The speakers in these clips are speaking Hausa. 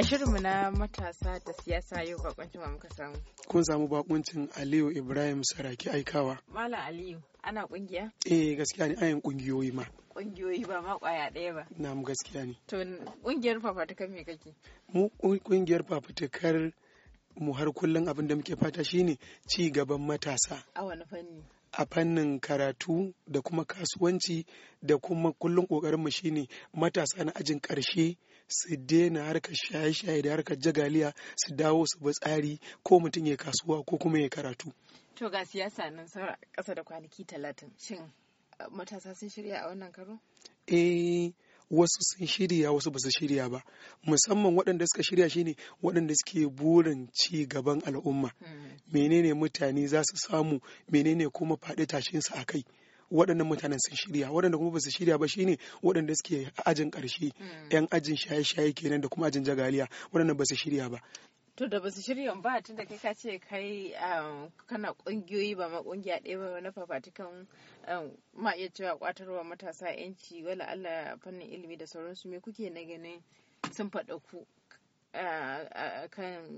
A shirinmu na matasa da siyasa yau bakuncin wa muka samu. Kun samu bakuncin Aliyu Ibrahim Saraki Aikawa. Malam Aliyu, ana kungiya? Eh gaskiya ne ayin kungiyoyi ma. Kungiyoyi ba ma kwaya ɗaya ba. Na mu gaskiya ne. To kungiyar fafatukar me kake? Mu kungiyar fafatukar mu har kullum abin da muke fata shine ci gaban matasa. A wani fanni? a fannin karatu da kuma kasuwanci da kuma kullum ƙoƙarinmu shine matasa na ajin ƙarshe su daina harkar shaye-shaye da harkar jagaliya su dawo su bi tsari ko mutum ya kasuwa ko kuma ya karatu. To ga siyasa nan saura ƙasa da kwanaki talatin shin eh, matasa sun shirya a wannan karo? Eh wasu sun shirya wasu basu shirya ba musamman waɗanda suka shirya shine waɗanda suke burin ci gaban al'umma hmm. menene mutane za su samu menene kuma faɗi tashinsu a kai. waɗannan mutanen sun shirya waɗanda kuma ba su shirya ba shine waɗanda suke ajin ƙarshe hmm. yan ajin shaye-shaye kenan da kuma ajin jagaliya waɗanda ba su shirya ba to da basu shirya ba tun da kai ka ce kai um, kana ƙungiyoyi ba ma kungiya ɗaya ba na fafatukan um, ma iya cewa kwatarwa matasa yanci wala Allah fannin ilimi da sauransu me kuke na ganin sun faɗa ku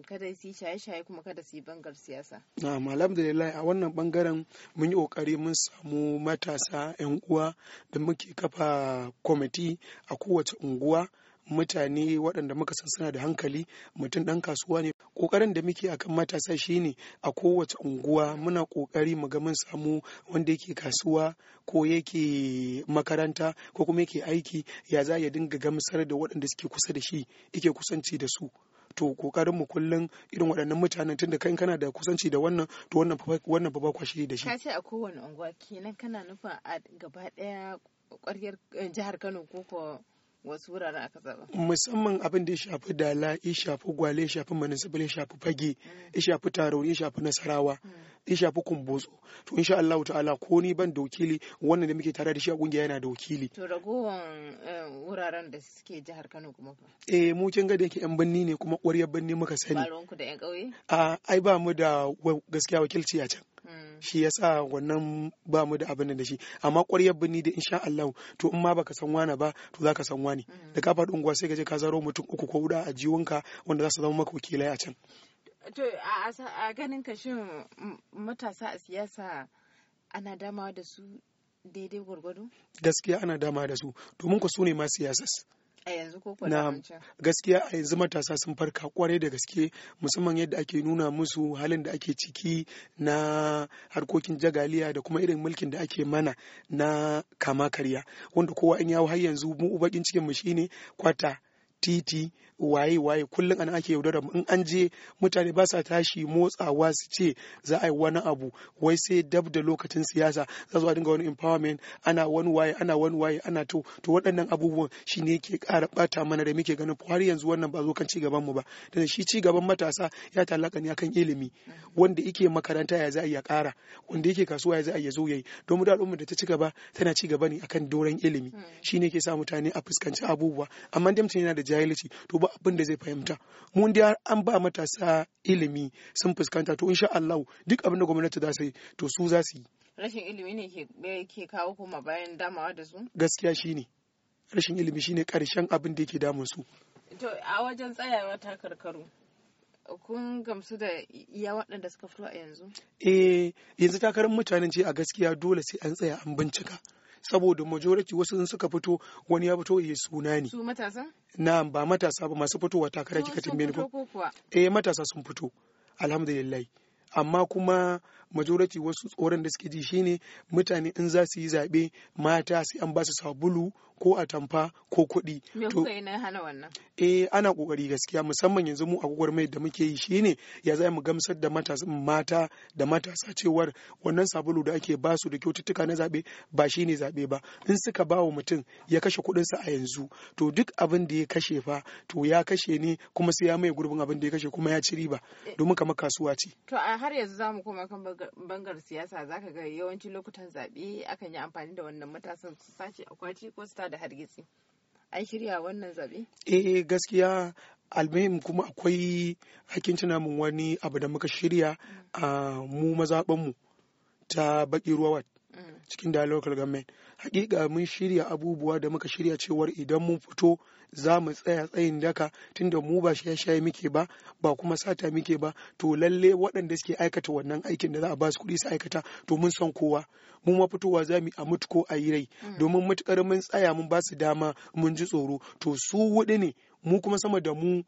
kada su yi shaye-shaye kuma kada su yi bangar siyasa. da alhamdulillah a wannan bangaren mun yi kokari mun samu matasa 'yan uwa da muke kafa kwamiti a kowace unguwa mutane waɗanda muka san suna da hankali mutum ɗan kasuwa ne ƙoƙarin da muke akan matasa shi ne a kowace unguwa muna ƙoƙari mu ga mun samu wanda yake kasuwa ko yake makaranta ko kuma yake aiki ya za ya dinga gamsar da waɗanda suke kusa da shi yake kusanci da su to kokarin mu kullun irin waɗannan mutanen tunda kai kana da kusanci da wannan to wannan wannan ba kwa da shi ka ce a kowane unguwa kenan kana nufa a gaba ɗaya ƙwaryar eh, jihar Kano ko ko wasu wurare aka zaba musamman abin da ya shafi dala ya shafi gwale ya shafi manisibili ya shafi fage ya mm. shafi tarauni ya shafi nasarawa mm. ya shafi kumbotso to insha Allah ta'ala ko ni ban da wakili wannan da muke tare da shi a kungiya yana da wakili to ragowan eh, wuraren da suke jihar Kano kuma fa eh mu kin ga da yake yan birni ne kuma kwariyar birni muka sani ba da yan ƙauye a ah, ai ba mu da gaskiya wakilci a can Mm. shi yasa wannan ba mu da abin da shi amma ƙwaryar birni da insha Allah to in ma baka san wani ba to zaka san wani mm. da ka faɗi unguwa sai ka je ka zaro mutum uku ko huɗu a jiwonka wanda za su zama maka wakilai a can to a ganin ka shin matasa a siyasa ana damawa da su daidai gwargwado gaskiya ana dama da su domin ku su ne ma siyasas a na gaskiya a yanzu matasa sun farka kwarai da gaske musamman yadda ake nuna musu halin da ake ciki na harkokin jagaliya da kuma irin mulkin da ake mana na kama karya wanda kowa in yawo har yanzu mu ubakin cikin mu shine kwata titi waye waye kullum anan ake yaudara in an je mutane ba sa tashi motsawa su ce za a yi wani abu wai sai dab da lokacin siyasa za su dinga wani empowerment ana wani waye ana wani waye ana to to waɗannan abubuwan shi ne ke ƙara ɓata mana da muke ganin har yanzu wannan ba zo kan ci gaban mu ba dan shi ci gaban matasa ya talaka ne akan ilimi wanda yake makaranta ya za a iya ƙara wanda yake kasuwa ya za a iya zo yayi domin da al'ummar da ta ci gaba tana ci gaba ne akan doren ilimi hmm. Shi ne ke sa mutane a fuskanci abubuwa amma damtin yana da jahilci to ba abin da zai fahimta mun dai an ba matasa ilimi sun fuskanta to insha Allah duk abin da gwamnati za su yi to su za su yi rashin ilimi ne ke kawo kuma bayan damawa da su gaskiya shine rashin ilimi shine karshen abin da yake damun su to a wajen tsayawa ta karkaru kun gamsu da iya waɗanda suka fito a yanzu eh yanzu takarar mutanen ce a gaskiya dole sai an tsaya an bincika saboda majority wasu sun suka fito wani ya fito ya suna ne su matasa na ba matasa ba masu fitowa takara kika ko ni eh matasa sun fito alhamdulillah amma kuma majority wasu tsoron da suke ji shine mutane in za su yi zaɓe mata sai an ba su sabulu ko atamfa ko kuɗi. Me kuka yi na hana wannan? Eh ana kokari gaskiya musamman yanzu mu a gwagwarmayar da muke yi shine ya za mu gamsar da mata da matasa cewar wannan sabulu da ake basu da kyaututtuka na zaɓe ba shi ne zaɓe ba in suka bawa mutum ya kashe kuɗinsa a yanzu to duk abin da ya kashe fa to ya kashe ne kuma sai ya mai gurbin abin da ya kashe kuma ya ci riba eh. domin kamar kasuwa ce. To a har yanzu za mu koma kan bangar siyasa zaka ga yawancin lokutan zaɓe akan yi amfani da wannan matasan su sace akwati ko su da hargitsi an shirya wannan zabe eh gaskiya almuhim kuma akwai hakin tuna mun wani abu da muka shirya mm. a mu mazaɓanmu ta baki ruwa cikin da local government hakika mun shirya abubuwa da muka shirya cewar idan mun fito za mu tsaya tsayin daka tunda mu ba shaye shaye muke ba ba kuma sata muke ba to lalle waɗanda suke aikata wannan aikin da za a ba su kuɗi su aikata to mun san kowa mun ma fitowa za mu a mutu ko a yi rai mm. domin matukar mun tsaya mun ba su dama mun ji tsoro to su wuɗi ne mu kuma sama da mu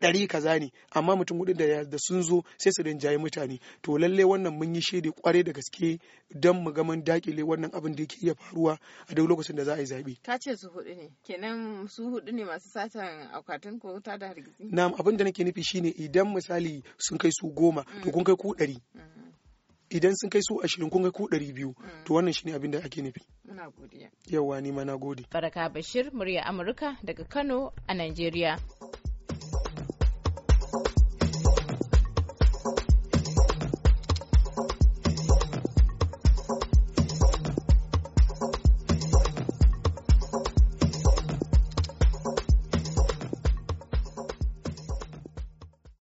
ɗari kaza ne amma mutum hudu da sun zo sai su rinjaye mutane to lalle wannan mun yi shaidi kwarai da gaske don mu ga mun dakile wannan abin da yake iya faruwa a duk lokacin da za a yi zaɓe. ka ce su hudu ne kenan su hudu ne masu satan akwatin ko ta da hargitsi na'am abin da nake nufi shine idan misali sun kai su goma to mm. kun kai ku ɗari mm. idan sun kai su ashirin kun kai ku ɗari biyu mm. to wannan shine abin da ake nufi. Muna godiya. Yawwa ni ma na gode. Baraka Bashir murya Amurka daga Kano a Najeriya.